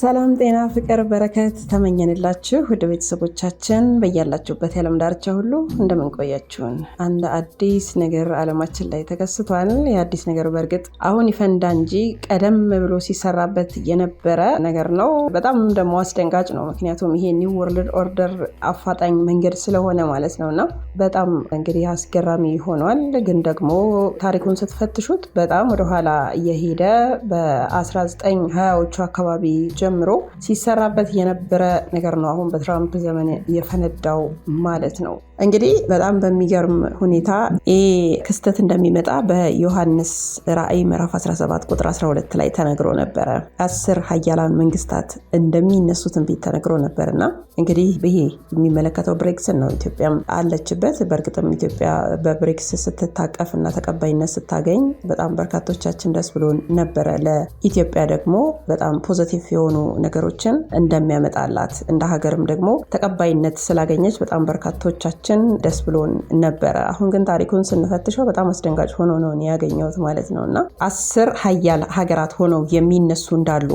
ሰላም ጤና ፍቅር በረከት ተመኘንላችሁ ወደ ቤተሰቦቻችን በያላችሁበት የዓለም ዳርቻ ሁሉ እንደምንቆያችሁን። አንድ አዲስ ነገር አለማችን ላይ ተከስቷል። የአዲስ ነገር በእርግጥ አሁን ይፈንዳ እንጂ ቀደም ብሎ ሲሰራበት የነበረ ነገር ነው። በጣም ደግሞ አስደንጋጭ ነው። ምክንያቱም ይሄ ኒው ወርልድ ኦርደር አፋጣኝ መንገድ ስለሆነ ማለት ነው እና በጣም እንግዲህ አስገራሚ ሆኗል። ግን ደግሞ ታሪኩን ስትፈትሹት በጣም ወደኋላ እየሄደ በ1920ዎቹ አካባቢ ጀምሮ ሲሰራበት የነበረ ነገር ነው። አሁን በትራምፕ ዘመን የፈነዳው ማለት ነው። እንግዲህ በጣም በሚገርም ሁኔታ ይሄ ክስተት እንደሚመጣ በዮሐንስ ራእይ ምዕራፍ 17 ቁጥር 12 ላይ ተነግሮ ነበረ። አስር ሀያላን መንግስታት እንደሚነሱ ትንቢት ተነግሮ ነበርና እንግዲህ ይሄ የሚመለከተው ብሬክስን ነው። ኢትዮጵያም አለችበት። በእርግጥም ኢትዮጵያ በብሬክስ ስትታቀፍ እና ተቀባይነት ስታገኝ በጣም በርካቶቻችን ደስ ብሎ ነበረ። ለኢትዮጵያ ደግሞ በጣም ፖዘቲቭ የሆኑ ነገሮችን እንደሚያመጣላት እንደ ሀገርም ደግሞ ተቀባይነት ስላገኘች በጣም በርካቶቻችን ብዙዎቻችን ደስ ብሎን ነበረ። አሁን ግን ታሪኩን ስንፈትሸው በጣም አስደንጋጭ ሆኖ ነው ያገኘሁት ማለት ነው እና አስር ሀያል ሀገራት ሆነው የሚነሱ እንዳሉ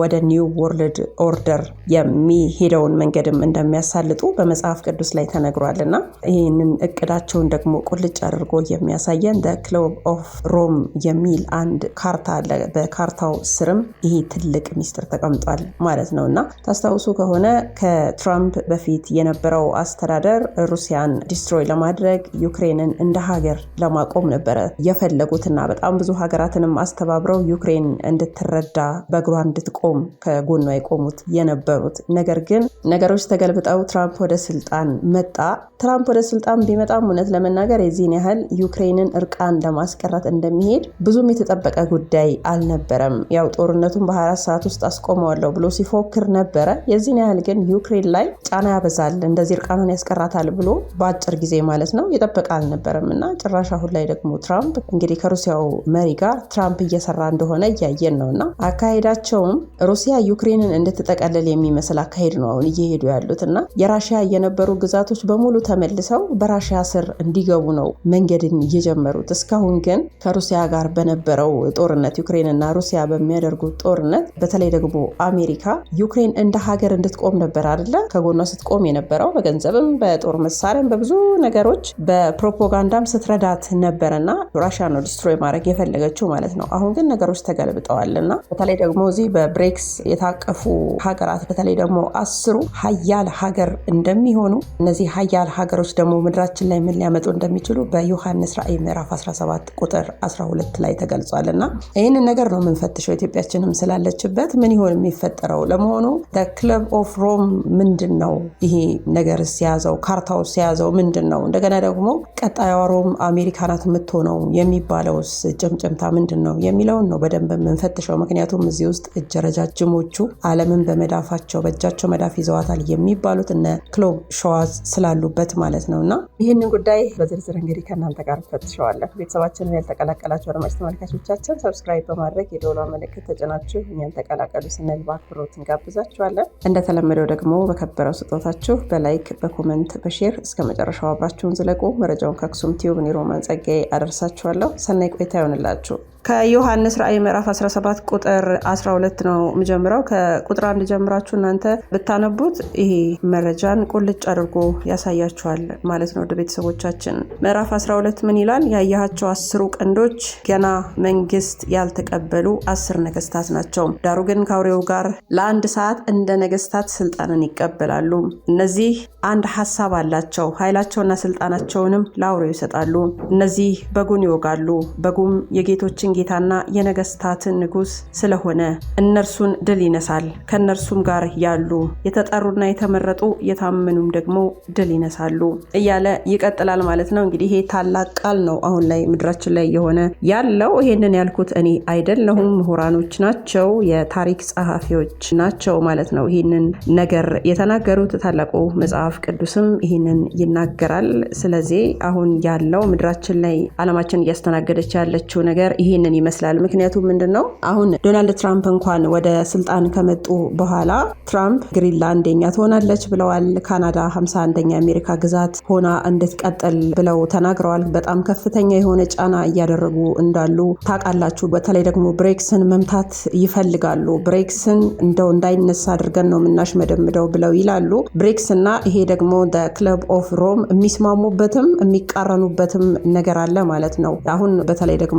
ወደ ኒው ወርልድ ኦርደር የሚሄደውን መንገድም እንደሚያሳልጡ በመጽሐፍ ቅዱስ ላይ ተነግሯል እና ይህንን እቅዳቸውን ደግሞ ቁልጭ አድርጎ የሚያሳየን ክሎብ ኦፍ ሮም የሚል አንድ ካርታ አለ። በካርታው ስርም ይሄ ትልቅ ሚስጥር ተቀምጧል ማለት ነው እና ታስታውሱ ከሆነ ከትራምፕ በፊት የነበረው አስተዳደር ሩሲያን ዲስትሮይ ለማድረግ ዩክሬንን እንደ ሀገር ለማቆም ነበረ የፈለጉትና በጣም ብዙ ሀገራትንም አስተባብረው ዩክሬን እንድትረዳ በእግሯ እንድትቆም ከጎኗ የቆሙት የነበሩት። ነገር ግን ነገሮች ተገልብጠው ትራምፕ ወደ ስልጣን መጣ። ትራምፕ ወደ ስልጣን ቢመጣም እውነት ለመናገር የዚህን ያህል ዩክሬንን እርቃን ለማስቀረት እንደሚሄድ ብዙም የተጠበቀ ጉዳይ አልነበረም። ያው ጦርነቱን በ24 ሰዓት ውስጥ አስቆመዋለሁ ብሎ ሲፎክር ነበረ። የዚህን ያህል ግን ዩክሬን ላይ ጫና ያበዛል፣ እንደዚህ እርቃኑን ያስቀራታል ብሎ በአጭር ጊዜ ማለት ነው የጠበቀ አልነበረም እና ጭራሽ አሁን ላይ ደግሞ ትራምፕ እንግዲህ ከሩሲያው መሪ ጋር ትራምፕ እየሰራ እንደሆነ እያየን ነው እና አካሄዳቸውም ሩሲያ ዩክሬንን እንድትጠቀልል የሚመስል አካሄድ ነው አሁን እየሄዱ ያሉት እና የራሽያ የነበሩ ግዛቶች በሙሉ ተመልሰው በራሽያ ስር እንዲገቡ ነው መንገድን እየጀመሩት እስካሁን ግን ከሩሲያ ጋር በነበረው ጦርነት ዩክሬንና ሩሲያ በሚያደርጉት ጦርነት በተለይ ደግሞ አሜሪካ ዩክሬን እንደ ሀገር እንድትቆም ነበር አይደለ ከጎኗ ስትቆም የነበረው በገንዘብም በጦር መ በመሳሪያም በብዙ ነገሮች በፕሮፓጋንዳም ስትረዳት ነበረና ራሽያ ነው ዲስትሮይ ማድረግ የፈለገችው ማለት ነው። አሁን ግን ነገሮች ተገልብጠዋል እና በተለይ ደግሞ እዚህ በብሬክስ የታቀፉ ሀገራት በተለይ ደግሞ አስሩ ሀያል ሀገር እንደሚሆኑ እነዚህ ሀያል ሀገሮች ደግሞ ምድራችን ላይ ምን ሊያመጡ እንደሚችሉ በዮሐንስ ራእይ ምዕራፍ 17 ቁጥር 12 ላይ ተገልጿል እና ይህንን ነገር ነው የምንፈትሸው። ኢትዮጵያችንም ስላለችበት ምን ይሆን የሚፈጠረው? ለመሆኑ ክለብ ኦፍ ሮም ምንድን ነው? ይሄ ነገር ሲያዘው ካርታው ውስጥ የያዘው ምንድን ነው? እንደገና ደግሞ ቀጣዩ ሮም አሜሪካ ናት የምትሆነው የሚባለውስ ጭምጭምታ ምንድን ነው የሚለውን ነው በደንብ የምንፈትሸው። ምክንያቱም እዚህ ውስጥ እጅ ረጃጅሞቹ ዓለምን በመዳፋቸው በእጃቸው መዳፍ ይዘዋታል የሚባሉት እነ ክሎብ ሸዋዝ ስላሉበት ማለት ነው። እና ይህንን ጉዳይ በዝርዝር እንግዲህ ከእናንተ ጋር ፈትሸዋለን። ቤተሰባችንን ያልተቀላቀላቸው አድማጭ ተመልካቾቻችን ሰብስክራይብ በማድረግ የደወል ምልክት ተጭናችሁ እኛን ተቀላቀሉ ስንል በአክብሮት እንጋብዛችኋለን። እንደተለመደው ደግሞ በከበረው ስጦታችሁ በላይክ በኮመንት በሼር ሼር እስከ መጨረሻው አብራችሁን ዝለቁ። መረጃውን ከአክሱም ቲዩብ ኒሮማን ጸጋዬ አደርሳችኋለሁ። ሰናይ ቆይታ ይሆንላችሁ። ከዮሐንስ ራእይ ምዕራፍ 17 ቁጥር 12 ነው የምጀምረው። ከቁጥር አንድ ጀምራችሁ እናንተ ብታነቡት ይሄ መረጃን ቁልጭ አድርጎ ያሳያችኋል ማለት ነው። ወደ ቤተሰቦቻችን ምዕራፍ 12 ምን ይላል? ያየሃቸው አስሩ ቀንዶች ገና መንግስት ያልተቀበሉ አስር ነገስታት ናቸው። ዳሩ ግን ከአውሬው ጋር ለአንድ ሰዓት እንደ ነገስታት ስልጣንን ይቀበላሉ። እነዚህ አንድ ሀሳብ አላቸው። ኃይላቸውና ስልጣናቸውንም ለአውሬው ይሰጣሉ። እነዚህ በጉን ይወጋሉ፣ በጉም የጌቶችን የዘመን ጌታና የነገስታት ንጉስ ስለሆነ እነርሱን ድል ይነሳል። ከእነርሱም ጋር ያሉ የተጠሩና የተመረጡ የታመኑም ደግሞ ድል ይነሳሉ እያለ ይቀጥላል ማለት ነው። እንግዲህ ይሄ ታላቅ ቃል ነው። አሁን ላይ ምድራችን ላይ የሆነ ያለው ይሄንን ያልኩት እኔ አይደለሁም፣ ምሁራኖች ናቸው፣ የታሪክ ጸሐፊዎች ናቸው ማለት ነው። ይህንን ነገር የተናገሩት ታላቁ መጽሐፍ ቅዱስም ይህንን ይናገራል። ስለዚህ አሁን ያለው ምድራችን ላይ አለማችን እያስተናገደች ያለችው ነገር ይህን ይህንን ይመስላል። ምክንያቱም ምንድን ነው አሁን ዶናልድ ትራምፕ እንኳን ወደ ስልጣን ከመጡ በኋላ ትራምፕ ግሪንላንድ አንደኛ ትሆናለች ብለዋል። ካናዳ 51ኛ የአሜሪካ ግዛት ሆና እንድትቀጥል ብለው ተናግረዋል። በጣም ከፍተኛ የሆነ ጫና እያደረጉ እንዳሉ ታውቃላችሁ። በተለይ ደግሞ ብሬክስን መምታት ይፈልጋሉ። ብሬክስን እንደው እንዳይነሳ አድርገን ነው ምናሽ መደምደው ብለው ይላሉ። ብሬክስ እና ይሄ ደግሞ ክለብ ኦፍ ሮም የሚስማሙበትም የሚቃረኑበትም ነገር አለ ማለት ነው። አሁን በተለይ ደግሞ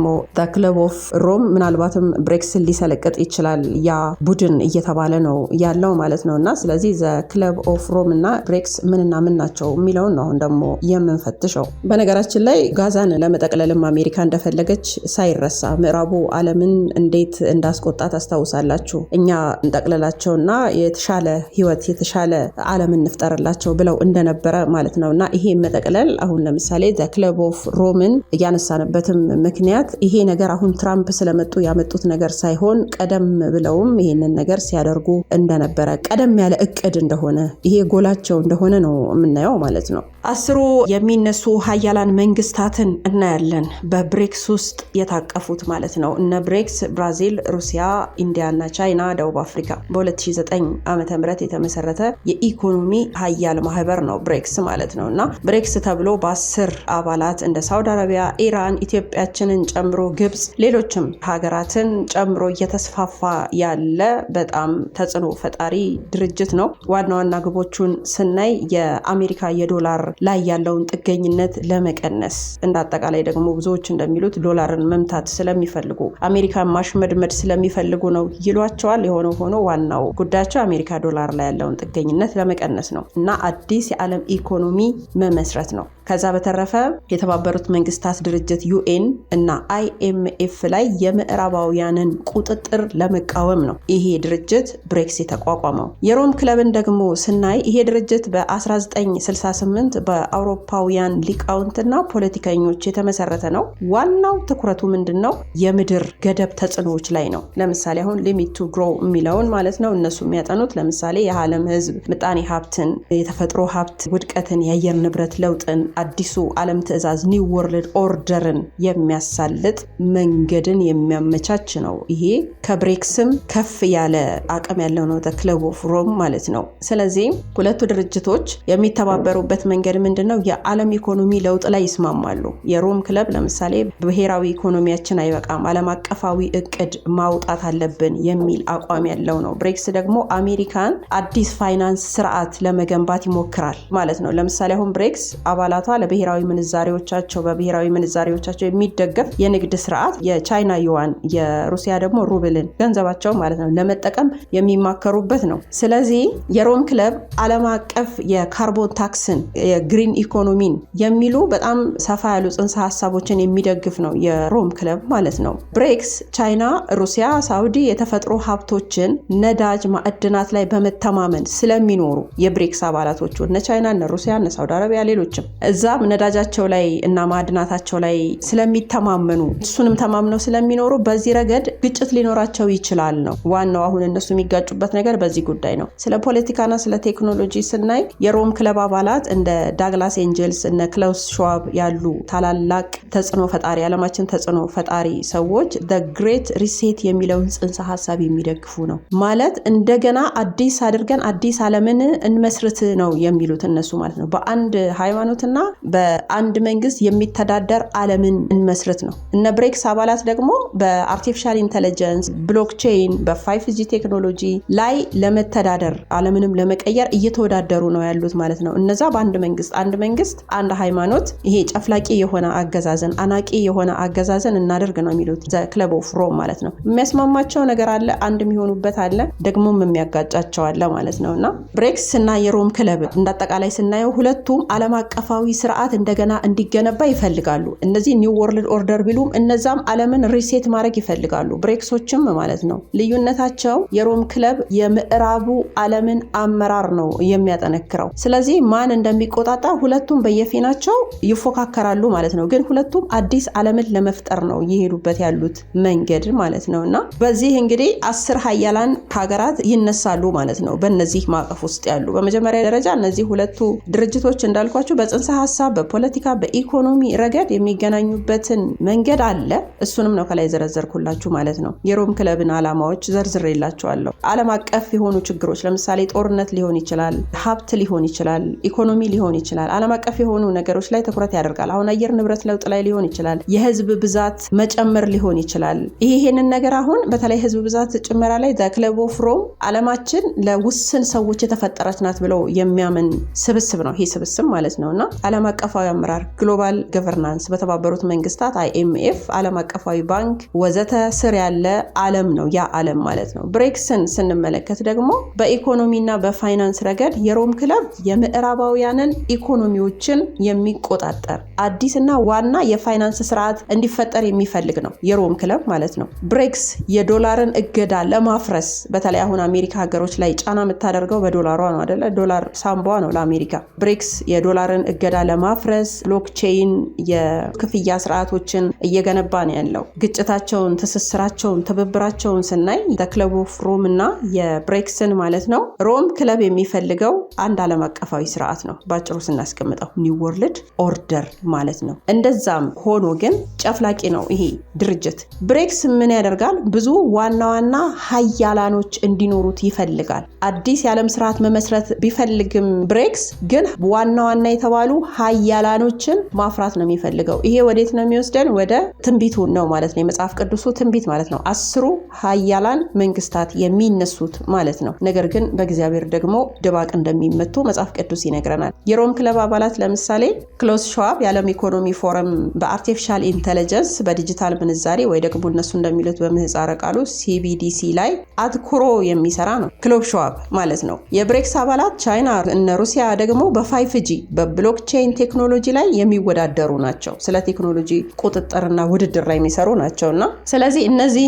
ክለብ ክለብ ኦፍ ሮም ምናልባትም ብሬክስን ሊሰለቅጥ ይችላል ያ ቡድን እየተባለ ነው ያለው ማለት ነው። እና ስለዚህ ዘ ክለብ ኦፍ ሮም እና ብሬክስ ምንና ምን ናቸው የሚለውን ነው አሁን ደግሞ የምንፈትሸው። በነገራችን ላይ ጋዛን ለመጠቅለልም አሜሪካ እንደፈለገች ሳይረሳ ምዕራቡ ዓለምን እንዴት እንዳስቆጣ ታስታውሳላችሁ። እኛ እንጠቅልላቸውና የተሻለ ህይወት የተሻለ ዓለም እንፍጠርላቸው ብለው እንደነበረ ማለት ነው እና ይሄ መጠቅለል አሁን ለምሳሌ ዘ ክለብ ኦፍ ሮምን እያነሳንበትም ምክንያት ይሄ ነገር አሁን አሁን ትራምፕ ስለመጡ ያመጡት ነገር ሳይሆን ቀደም ብለውም ይሄንን ነገር ሲያደርጉ እንደነበረ ቀደም ያለ እቅድ እንደሆነ ይሄ ጎላቸው እንደሆነ ነው የምናየው ማለት ነው። አስሩ የሚነሱ ሀያላን መንግስታትን እናያለን በብሬክስ ውስጥ የታቀፉት ማለት ነው። እነ ብሬክስ ብራዚል፣ ሩሲያ፣ ኢንዲያ እና ቻይና፣ ደቡብ አፍሪካ በ2009 ዓ ም የተመሰረተ የኢኮኖሚ ሀያል ማህበር ነው ብሬክስ ማለት ነው። እና ብሬክስ ተብሎ በአስር አባላት እንደ ሳውዲ አረቢያ፣ ኢራን፣ ኢትዮጵያችንን ጨምሮ ግብፅ ሌሎችም ሀገራትን ጨምሮ እየተስፋፋ ያለ በጣም ተጽዕኖ ፈጣሪ ድርጅት ነው። ዋና ዋና ግቦቹን ስናይ የአሜሪካ የዶላር ላይ ያለውን ጥገኝነት ለመቀነስ እንደ አጠቃላይ ደግሞ ብዙዎች እንደሚሉት ዶላርን መምታት ስለሚፈልጉ አሜሪካን ማሽመድመድ ስለሚፈልጉ ነው ይሏቸዋል። የሆነ ሆኖ ዋናው ጉዳያቸው አሜሪካ ዶላር ላይ ያለውን ጥገኝነት ለመቀነስ ነው እና አዲስ የዓለም ኢኮኖሚ መመስረት ነው። ከዛ በተረፈ የተባበሩት መንግስታት ድርጅት ዩኤን እና አይኤምኤፍ ላይ የምዕራባውያንን ቁጥጥር ለመቃወም ነው ይሄ ድርጅት ብሬክስ የተቋቋመው። የሮም ክለብን ደግሞ ስናይ ይሄ ድርጅት በ1968 በአውሮፓውያን ሊቃውንትና ፖለቲከኞች የተመሰረተ ነው። ዋናው ትኩረቱ ምንድን ነው? የምድር ገደብ ተጽዕኖዎች ላይ ነው። ለምሳሌ አሁን ሊሚት ቱ ግሮው የሚለውን ማለት ነው እነሱ የሚያጠኑት ለምሳሌ የዓለም ህዝብ ምጣኔ ሀብትን፣ የተፈጥሮ ሀብት ውድቀትን፣ የአየር ንብረት ለውጥን አዲሱ ዓለም ትዕዛዝ ኒው ወርልድ ኦርደርን የሚያሳልጥ መንገድን የሚያመቻች ነው። ይሄ ከብሬክስም ከፍ ያለ አቅም ያለው ነው፣ ክለብ ኦፍ ሮም ማለት ነው። ስለዚህ ሁለቱ ድርጅቶች የሚተባበሩበት መንገድ ምንድን ነው? የዓለም ኢኮኖሚ ለውጥ ላይ ይስማማሉ። የሮም ክለብ ለምሳሌ ብሔራዊ ኢኮኖሚያችን አይበቃም፣ ዓለም አቀፋዊ እቅድ ማውጣት አለብን የሚል አቋም ያለው ነው። ብሬክስ ደግሞ አሜሪካን አዲስ ፋይናንስ ስርዓት ለመገንባት ይሞክራል ማለት ነው። ለምሳሌ አሁን ብሬክስ አባላት ስርዓቷ ለብሔራዊ ምንዛሬዎቻቸው በብሔራዊ ምንዛሬዎቻቸው የሚደገፍ የንግድ ስርዓት የቻይና ዩዋን የሩሲያ ደግሞ ሩብልን ገንዘባቸው ማለት ነው ለመጠቀም የሚማከሩበት ነው። ስለዚህ የሮም ክለብ ዓለም አቀፍ የካርቦን ታክስን የግሪን ኢኮኖሚን የሚሉ በጣም ሰፋ ያሉ ጽንሰ ሀሳቦችን የሚደግፍ ነው የሮም ክለብ ማለት ነው። ብሬክስ ቻይና፣ ሩሲያ፣ ሳውዲ የተፈጥሮ ሀብቶችን ነዳጅ፣ ማዕድናት ላይ በመተማመን ስለሚኖሩ የብሬክስ አባላቶቹ እነ ቻይና፣ እነ ሩሲያ፣ እነ ሳውዲ አረቢያ ሌሎችም እዛም ነዳጃቸው ላይ እና ማዕድናታቸው ላይ ስለሚተማመኑ እሱንም ተማምነው ስለሚኖሩ በዚህ ረገድ ግጭት ሊኖራቸው ይችላል ነው ዋናው። አሁን እነሱ የሚጋጩበት ነገር በዚህ ጉዳይ ነው። ስለ ፖለቲካና ስለ ቴክኖሎጂ ስናይ የሮም ክለብ አባላት እንደ ዳግላስ ኤንጀልስ እነ ክለውስ ሸዋብ ያሉ ታላላቅ ተጽዕኖ ፈጣሪ ዓለማችን ተጽዕኖ ፈጣሪ ሰዎች ግሬት ሪሴት የሚለውን ጽንሰ ሀሳብ የሚደግፉ ነው። ማለት እንደገና አዲስ አድርገን አዲስ ዓለምን እንመስርት ነው የሚሉት እነሱ ማለት ነው። በአንድ ሃይማኖትና በአንድ መንግስት የሚተዳደር ዓለምን እንመስርት ነው። እነ ብሬክስ አባላት ደግሞ በአርቲፊሻል ኢንቴሊጀንስ፣ ብሎክቼን፣ በፋይፍጂ ቴክኖሎጂ ላይ ለመተዳደር ዓለምንም ለመቀየር እየተወዳደሩ ነው ያሉት ማለት ነው። እነዛ በአንድ መንግስት አንድ መንግስት አንድ ሃይማኖት፣ ይሄ ጨፍላቂ የሆነ አገዛዘን አናቂ የሆነ አገዛዘን እናደርግ ነው የሚሉት ዘ ክለብ ኦፍ ሮም ማለት ነው። የሚያስማማቸው ነገር አለ፣ አንድ የሚሆኑበት አለ፣ ደግሞም የሚያጋጫቸው አለ ማለት ነው እና ብሬክስ እና የሮም ክለብ እንዳጠቃላይ ስናየው ሁለቱም ዓለም አቀፋዊ ስርዓት እንደገና እንዲገነባ ይፈልጋሉ። እነዚህ ኒው ወርልድ ኦርደር ቢሉም እነዛም ዓለምን ሪሴት ማድረግ ይፈልጋሉ። ብሬክሶችም ማለት ነው። ልዩነታቸው የሮም ክለብ የምዕራቡ ዓለምን አመራር ነው የሚያጠነክረው። ስለዚህ ማን እንደሚቆጣጠር ሁለቱም በየፊናቸው ይፎካከራሉ ማለት ነው። ግን ሁለቱም አዲስ ዓለምን ለመፍጠር ነው እየሄዱበት ያሉት መንገድ ማለት ነው እና በዚህ እንግዲህ አስር ሀያላን ሀገራት ይነሳሉ ማለት ነው። በነዚህ ማዕቀፍ ውስጥ ያሉ በመጀመሪያ ደረጃ እነዚህ ሁለቱ ድርጅቶች እንዳልኳቸው በጽንሰ በሀሳብ በፖለቲካ በኢኮኖሚ ረገድ የሚገናኙበትን መንገድ አለ። እሱንም ነው ከላይ ዘረዘርኩላችሁ ማለት ነው። የሮም ክለብን ዓላማዎች ዘርዝሬላችኋለሁ። ዓለም አቀፍ የሆኑ ችግሮች ለምሳሌ ጦርነት ሊሆን ይችላል፣ ሀብት ሊሆን ይችላል፣ ኢኮኖሚ ሊሆን ይችላል። ዓለም አቀፍ የሆኑ ነገሮች ላይ ትኩረት ያደርጋል። አሁን አየር ንብረት ለውጥ ላይ ሊሆን ይችላል፣ የህዝብ ብዛት መጨመር ሊሆን ይችላል። ይሄንን ነገር አሁን በተለይ ህዝብ ብዛት ጭመራ ላይ ዘ ክለብ ኦፍ ሮም አለማችን ለውስን ሰዎች የተፈጠረች ናት ብለው የሚያምን ስብስብ ነው ይህ ስብስብ ማለት ነው እና ዓለም አቀፋዊ አመራር ግሎባል ገቨርናንስ በተባበሩት መንግስታት አይኤምኤፍ፣ ዓለም አቀፋዊ ባንክ ወዘተ ስር ያለ ዓለም ነው ያ ዓለም ማለት ነው። ብሬክስን ስንመለከት ደግሞ በኢኮኖሚና በፋይናንስ ረገድ የሮም ክለብ የምዕራባውያንን ኢኮኖሚዎችን የሚቆጣጠር አዲስና ዋና የፋይናንስ ስርዓት እንዲፈጠር የሚፈልግ ነው የሮም ክለብ ማለት ነው። ብሬክስ የዶላርን እገዳ ለማፍረስ በተለይ አሁን አሜሪካ ሀገሮች ላይ ጫና የምታደርገው በዶላሯ ነው አደለ? ዶላር ሳምቧ ነው ለአሜሪካ። ብሬክስ የዶላርን እገዳ ዋጋ ለማፍረስ ብሎክቼይን የክፍያ ስርዓቶችን እየገነባ ነው ያለው። ግጭታቸውን፣ ትስስራቸውን፣ ትብብራቸውን ስናይ ክለብ ኦፍ ሮም እና የብሬክስን ማለት ነው። ሮም ክለብ የሚፈልገው አንድ ዓለም አቀፋዊ ስርዓት ነው። በአጭሩ ስናስቀምጠው ኒው ወርልድ ኦርደር ማለት ነው። እንደዛም ሆኖ ግን ጨፍላቂ ነው ይሄ ድርጅት። ብሬክስ ምን ያደርጋል? ብዙ ዋና ዋና ሀያላኖች እንዲኖሩት ይፈልጋል። አዲስ የዓለም ስርዓት መመስረት ቢፈልግም ብሬክስ ግን ዋና ዋና የተባሉ ሀያላኖችን ማፍራት ነው የሚፈልገው። ይሄ ወዴት ነው የሚወስደን? ወደ ትንቢቱ ነው ማለት ነው። የመጽሐፍ ቅዱሱ ትንቢት ማለት ነው። አስሩ ሀያላን መንግስታት የሚነሱት ማለት ነው። ነገር ግን በእግዚአብሔር ደግሞ ድባቅ እንደሚመቱ መጽሐፍ ቅዱስ ይነግረናል። የሮም ክለብ አባላት ለምሳሌ ክሎስ ሸዋብ የዓለም ኢኮኖሚ ፎረም በአርቲፊሻል ኢንተለጀንስ በዲጂታል ምንዛሬ ወይ ደግሞ እነሱ እንደሚሉት በምህፃረ ቃሉ ሲቢዲሲ ላይ አትኩሮ የሚሰራ ነው ክሎብ ሸዋብ ማለት ነው። የብሬክስ አባላት ቻይና፣ እነ ሩሲያ ደግሞ በፋይፍ ጂ በብሎክቼ ብሎክቼን ቴክኖሎጂ ላይ የሚወዳደሩ ናቸው። ስለ ቴክኖሎጂ ቁጥጥርና ውድድር ላይ የሚሰሩ ናቸው እና ስለዚህ እነዚህ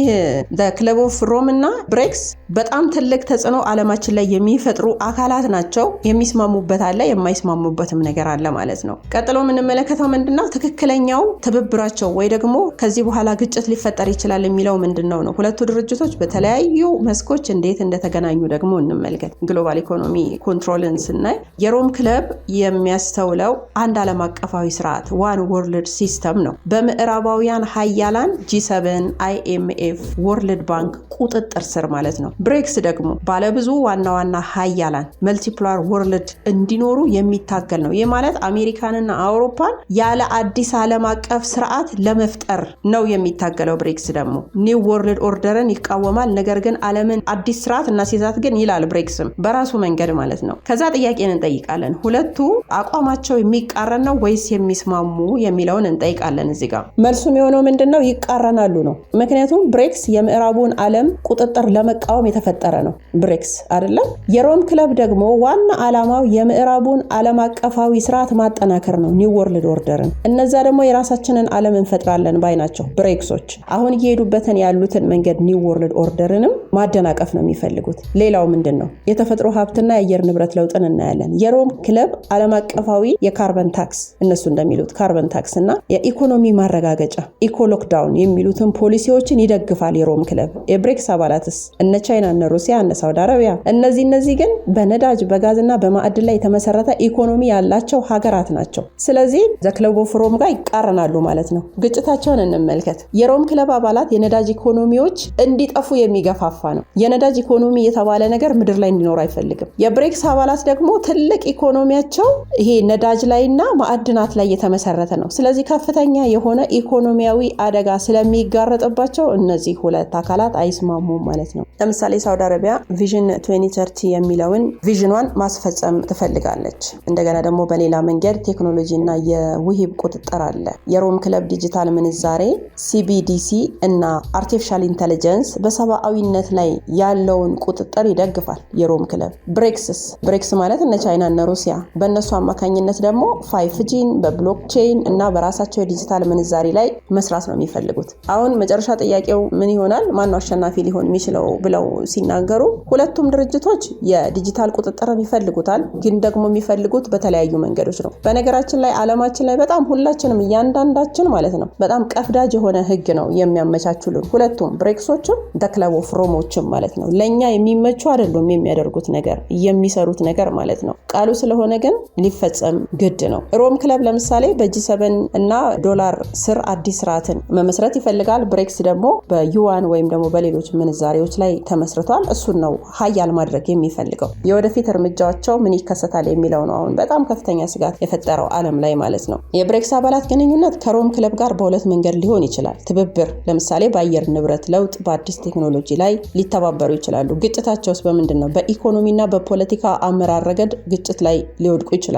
ክለብ ኦፍ ሮም እና ብሬክስ በጣም ትልቅ ተጽዕኖ አለማችን ላይ የሚፈጥሩ አካላት ናቸው። የሚስማሙበት አለ፣ የማይስማሙበትም ነገር አለ ማለት ነው። ቀጥሎ የምንመለከተው ምንድነው ትክክለኛው ትብብራቸው ወይ ደግሞ ከዚህ በኋላ ግጭት ሊፈጠር ይችላል የሚለው ምንድነው ነው። ሁለቱ ድርጅቶች በተለያዩ መስኮች እንዴት እንደተገናኙ ደግሞ እንመልከት። ግሎባል ኢኮኖሚ ኮንትሮልን ስናይ የሮም ክለብ የሚያስተውለው አንድ ዓለም አቀፋዊ ስርዓት ዋን ወርልድ ሲስተም ነው። በምዕራባውያን ሀያላን ጂ7፣ አይኤምኤፍ፣ ወርልድ ባንክ ቁጥጥር ስር ማለት ነው። ብሬክስ ደግሞ ባለብዙ ዋና ዋና ሀያላን መልቲፕላር ወርልድ እንዲኖሩ የሚታገል ነው። ይህ ማለት አሜሪካንና አውሮፓን ያለ አዲስ ዓለም አቀፍ ስርዓት ለመፍጠር ነው የሚታገለው። ብሬክስ ደግሞ ኒው ወርልድ ኦርደርን ይቃወማል። ነገር ግን ዓለምን አዲስ ስርዓት እናስይዛት ግን ይላል ብሬክስም በራሱ መንገድ ማለት ነው። ከዛ ጥያቄን እንጠይቃለን። ሁለቱ አቋማቸው የሚቃረን ነው ወይስ የሚስማሙ የሚለውን እንጠይቃለን። እዚህ ጋር መልሱም የሆነው ምንድን ነው? ይቃረናሉ ነው። ምክንያቱም ብሬክስ የምዕራቡን ዓለም ቁጥጥር ለመቃወም የተፈጠረ ነው። ብሬክስ አይደለም። የሮም ክለብ ደግሞ ዋና ዓላማው የምዕራቡን ዓለም አቀፋዊ ስርዓት ማጠናከር ነው፣ ኒው ወርልድ ኦርደርን። እነዛ ደግሞ የራሳችንን ዓለም እንፈጥራለን ባይ ናቸው ብሬክሶች። አሁን እየሄዱበትን ያሉትን መንገድ ኒው ወርልድ ኦርደርንም ማደናቀፍ ነው የሚፈልጉት። ሌላው ምንድን ነው? የተፈጥሮ ሀብትና የአየር ንብረት ለውጥን እናያለን። የሮም ክለብ ዓለም አቀፋዊ የካርበን ታክስ እነሱ እንደሚሉት ካርበን ታክስ እና የኢኮኖሚ ማረጋገጫ ኢኮ ሎክዳውን የሚሉትን ፖሊሲዎችን ይደግፋል የሮም ክለብ። የብሬክስ አባላትስ እነ ቻይና፣ እነ ሩሲያ፣ እነ ሳውዲ አረቢያ እነዚህ እነዚህ ግን በነዳጅ በጋዝና በማዕድን ላይ የተመሰረተ ኢኮኖሚ ያላቸው ሀገራት ናቸው። ስለዚህ ዘክለቦ ፍሮም ጋር ይቃረናሉ ማለት ነው። ግጭታቸውን እንመልከት። የሮም ክለብ አባላት የነዳጅ ኢኮኖሚዎች እንዲጠፉ የሚገፋፋ ነው። የነዳጅ ኢኮኖሚ የተባለ ነገር ምድር ላይ እንዲኖር አይፈልግም። የብሬክስ አባላት ደግሞ ትልቅ ኢኮኖሚያቸው ይሄ ነዳጅ ነዳጅ ላይ እና ማዕድናት ላይ የተመሰረተ ነው። ስለዚህ ከፍተኛ የሆነ ኢኮኖሚያዊ አደጋ ስለሚጋረጥባቸው እነዚህ ሁለት አካላት አይስማሙም ማለት ነው። ለምሳሌ ሳውዲ አረቢያ ቪዥን 2030 የሚለውን ቪዥኗን ማስፈጸም ትፈልጋለች። እንደገና ደግሞ በሌላ መንገድ ቴክኖሎጂ እና የውሂብ ቁጥጥር አለ። የሮም ክለብ ዲጂታል ምንዛሬ ሲቢዲሲ እና አርቲፊሻል ኢንቴሊጀንስ በሰብአዊነት ላይ ያለውን ቁጥጥር ይደግፋል። የሮም ክለብ ብሬክስስ ብሬክስ ማለት እነ ቻይና እነ ሩሲያ በእነሱ አማካኝነት ደግሞ ፋይፍጂን በብሎክቼን እና በራሳቸው የዲጂታል ምንዛሬ ላይ መስራት ነው የሚፈልጉት። አሁን መጨረሻ ጥያቄው ምን ይሆናል? ማነው አሸናፊ ሊሆን የሚችለው ብለው ሲናገሩ ሁለቱም ድርጅቶች የዲጂታል ቁጥጥርን ይፈልጉታል፣ ግን ደግሞ የሚፈልጉት በተለያዩ መንገዶች ነው። በነገራችን ላይ አለማችን ላይ በጣም ሁላችንም እያንዳንዳችን ማለት ነው በጣም ቀፍዳጅ የሆነ ህግ ነው የሚያመቻችሉን ሁለቱም ብሬክሶችም ተክለቦ ፍሮሞችም ማለት ነው። ለእኛ የሚመቹ አይደሉም የሚያደርጉት ነገር የሚሰሩት ነገር ማለት ነው። ቃሉ ስለሆነ ግን ሊፈጸም ግድ ነው። ሮም ክለብ ለምሳሌ በጂ ሰቨን እና ዶላር ስር አዲስ ስርዓትን መመስረት ይፈልጋል። ብሬክስ ደግሞ በዩዋን ወይም ደግሞ በሌሎች ምንዛሬዎች ላይ ተመስርቷል። እሱን ነው ሀያል ማድረግ የሚፈልገው። የወደፊት እርምጃቸው ምን ይከሰታል የሚለው ነው አሁን በጣም ከፍተኛ ስጋት የፈጠረው አለም ላይ ማለት ነው። የብሬክስ አባላት ግንኙነት ከሮም ክለብ ጋር በሁለት መንገድ ሊሆን ይችላል። ትብብር ለምሳሌ በአየር ንብረት ለውጥ፣ በአዲስ ቴክኖሎጂ ላይ ሊተባበሩ ይችላሉ። ግጭታቸውስ በምንድን ነው? በኢኮኖሚና በፖለቲካ አመራር ረገድ ግጭት ላይ ሊወድቁ ይችላሉ።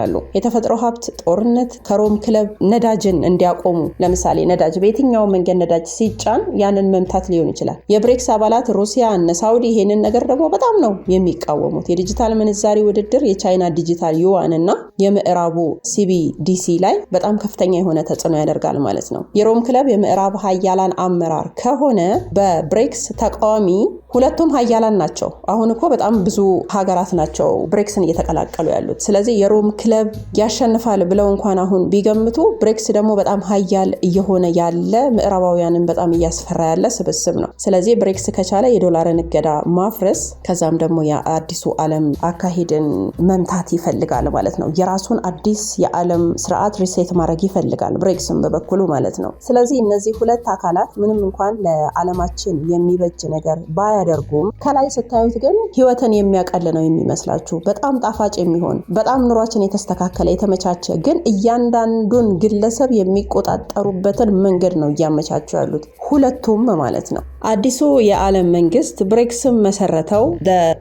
የተፈጥሮ ሀብት፣ ጦርነት፣ ከሮም ክለብ ነዳጅን እንዲያቆሙ ለምሳሌ ነዳጅ በየትኛው መንገድ ነዳጅ ሲጫን ያንን መምታት ሊሆን ይችላል። የብሬክስ አባላት ሩሲያ እነ ሳውዲ ይሄንን ነገር ደግሞ በጣም ነው የሚቃወሙት። የዲጂታል ምንዛሪ ውድድር የቻይና ዲጂታል ዩዋን እና የምዕራቡ ሲቢዲሲ ላይ በጣም ከፍተኛ የሆነ ተጽዕኖ ያደርጋል ማለት ነው። የሮም ክለብ የምዕራብ ሀያላን አመራር ከሆነ በብሬክስ ተቃዋሚ ሁለቱም ሀያላን ናቸው። አሁን እኮ በጣም ብዙ ሀገራት ናቸው ብሬክስን እየተቀላቀሉ ያሉት። ስለዚህ የሮም ክለብ ያሸንፋል ብለው እንኳን አሁን ቢገምቱ ብሬክስ ደግሞ በጣም ሀያል እየሆነ ያለ ምዕራባውያንን በጣም እያስፈራ ያለ ስብስብ ነው። ስለዚህ ብሬክስ ከቻለ የዶላርን እገዳ ማፍረስ ከዛም ደግሞ የአዲሱ ዓለም አካሄድን መምታት ይፈልጋል ማለት ነው። የራሱን አዲስ የዓለም ስርዓት ሪሴት ማድረግ ይፈልጋል ብሬክስን በበኩሉ ማለት ነው። ስለዚህ እነዚህ ሁለት አካላት ምንም እንኳን ለዓለማችን የሚበጅ ነገር ባያ አያደርጉም። ከላይ ስታዩት ግን ህይወትን የሚያቀል ነው የሚመስላችሁ በጣም ጣፋጭ የሚሆን በጣም ኑሯችን የተስተካከለ የተመቻቸ፣ ግን እያንዳንዱን ግለሰብ የሚቆጣጠሩበትን መንገድ ነው እያመቻቸው ያሉት ሁለቱም ማለት ነው። አዲሱ የዓለም መንግስት ብሬክስም መሰረተው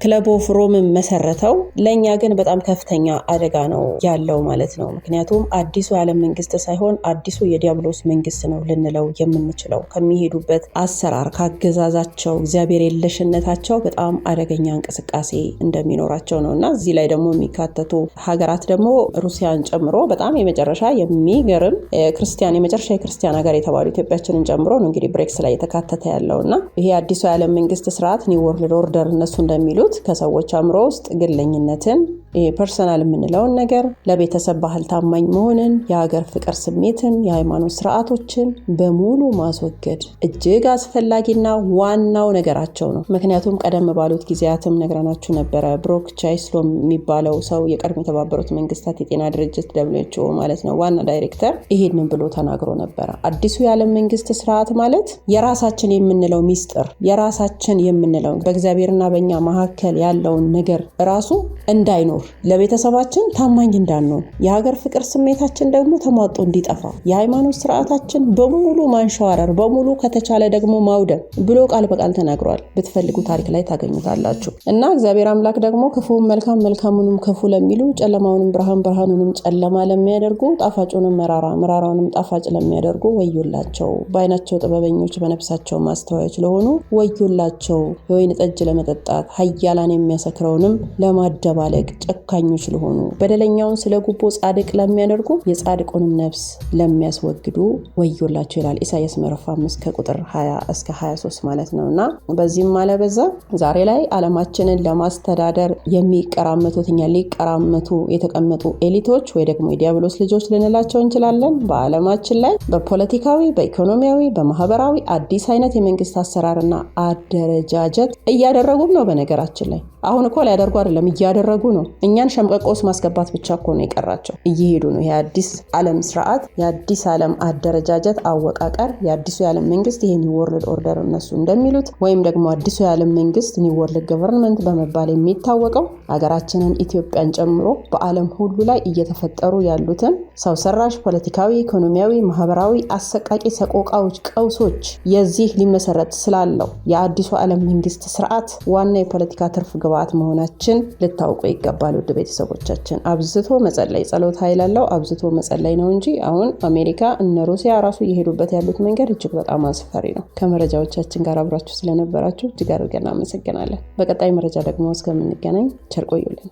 ክለብ ኦፍ ሮምም መሰረተው፣ ለእኛ ግን በጣም ከፍተኛ አደጋ ነው ያለው ማለት ነው። ምክንያቱም አዲሱ የዓለም መንግስት ሳይሆን አዲሱ የዲያብሎስ መንግስት ነው ልንለው የምንችለው ከሚሄዱበት አሰራር፣ ካገዛዛቸው፣ እግዚአብሔር የለሽነታቸው በጣም አደገኛ እንቅስቃሴ እንደሚኖራቸው ነው እና እዚህ ላይ ደግሞ የሚካተቱ ሀገራት ደግሞ ሩሲያን ጨምሮ በጣም የመጨረሻ የሚገርም ክርስቲያን የመጨረሻ የክርስቲያን ሀገር የተባሉ ኢትዮጵያችንን ጨምሮ ነው እንግዲህ ብሬክስ ላይ የተካተተ ያለው እና ይሄ አዲሱ የዓለም መንግስት ስርዓት ኒው ወርልድ ኦርደር እነሱ እንደሚሉት ከሰዎች አእምሮ ውስጥ ግለኝነትን ይሄ ፐርሰናል የምንለውን ነገር ለቤተሰብ ባህል ታማኝ መሆንን፣ የሀገር ፍቅር ስሜትን፣ የሃይማኖት ስርዓቶችን በሙሉ ማስወገድ እጅግ አስፈላጊና ዋናው ነገራቸው ነው። ምክንያቱም ቀደም ባሉት ጊዜያትም ነግረናችሁ ነበረ። ብሮክ ቻይስሎም የሚባለው ሰው የቀድሞ የተባበሩት መንግስታት የጤና ድርጅት ደብሊው ማለት ነው ዋና ዳይሬክተር ይሄንን ብሎ ተናግሮ ነበረ። አዲሱ የዓለም መንግስት ስርዓት ማለት የራሳችን የምንለው ያለው ሚስጥር የራሳችን የምንለው በእግዚአብሔርና በእኛ መካከል ያለውን ነገር ራሱ እንዳይኖር ለቤተሰባችን ታማኝ እንዳንሆን የሀገር ፍቅር ስሜታችን ደግሞ ተሟጦ እንዲጠፋ የሃይማኖት ስርዓታችን በሙሉ ማንሸዋረር በሙሉ ከተቻለ ደግሞ ማውደም ብሎ ቃል በቃል ተናግሯል። ብትፈልጉ ታሪክ ላይ ታገኙታላችሁ። እና እግዚአብሔር አምላክ ደግሞ ክፉውን መልካም መልካሙንም ክፉ ለሚሉ ጨለማውንም ብርሃን ብርሃኑንም ጨለማ ለሚያደርጉ ጣፋጩንም መራራ መራራውንም ጣፋጭ ለሚያደርጉ ወዮላቸው። በአይናቸው ጥበበኞች በነፍሳቸው ማስተዋ ተከታዮች ለሆኑ ወዮላቸው። የወይን ጠጅ ለመጠጣት ሀያላን የሚያሰክረውንም ለማደባለቅ ጨካኞች ለሆኑ በደለኛውን ስለ ጉቦ ጻድቅ ለሚያደርጉ የጻድቁንም ነፍስ ለሚያስወግዱ ወዮላቸው ይላል ኢሳያስ ምዕራፍ 5 ከቁጥር 20 እስከ 23 ማለት ነው እና በዚህም አለበዛ ዛሬ ላይ አለማችንን ለማስተዳደር የሚቀራመቱት እኛ ሊቀራመቱ የተቀመጡ ኤሊቶች ወይ ደግሞ የዲያብሎስ ልጆች ልንላቸው እንችላለን። በአለማችን ላይ በፖለቲካዊ፣ በኢኮኖሚያዊ፣ በማህበራዊ አዲስ አይነት የመንግስት አሰራርና አደረጃጀት እያደረጉም ነው። በነገራችን ላይ አሁን እኮ ሊያደርጉ አይደለም እያደረጉ ነው። እኛን ሸምቀቆ ውስጥ ማስገባት ብቻ እኮ ነው የቀራቸው። እየሄዱ ነው። የአዲስ ዓለም ስርዓት፣ የአዲስ ዓለም አደረጃጀት አወቃቀር፣ የአዲሱ የዓለም መንግስት ይሄ ኒው ወርልድ ኦርደር እነሱ እንደሚሉት ወይም ደግሞ አዲሱ የዓለም መንግስት ኒው ወርልድ ገቨርንመንት በመባል የሚታወቀው ሀገራችንን ኢትዮጵያን ጨምሮ በዓለም ሁሉ ላይ እየተፈጠሩ ያሉትን ሰው ሰራሽ ፖለቲካዊ፣ ኢኮኖሚያዊ፣ ማህበራዊ አሰቃቂ ሰቆቃዎች፣ ቀውሶች የዚህ ሊመሰረት እውቀት ስላለው የአዲሱ ዓለም መንግስት ስርዓት ዋና የፖለቲካ ትርፍ ግብዓት መሆናችን ልታውቁ ይገባል። ውድ ቤተሰቦቻችን አብዝቶ መጸለይ ጸሎት ኃይል አለው። አብዝቶ መጸለይ ነው እንጂ አሁን አሜሪካ እነ ሩሲያ ራሱ እየሄዱበት ያሉት መንገድ እጅግ በጣም አስፈሪ ነው። ከመረጃዎቻችን ጋር አብራችሁ ስለነበራችሁ እጅግ አድርገን እናመሰግናለን። በቀጣይ መረጃ ደግሞ እስከምንገናኝ ቸር ቆዩልን።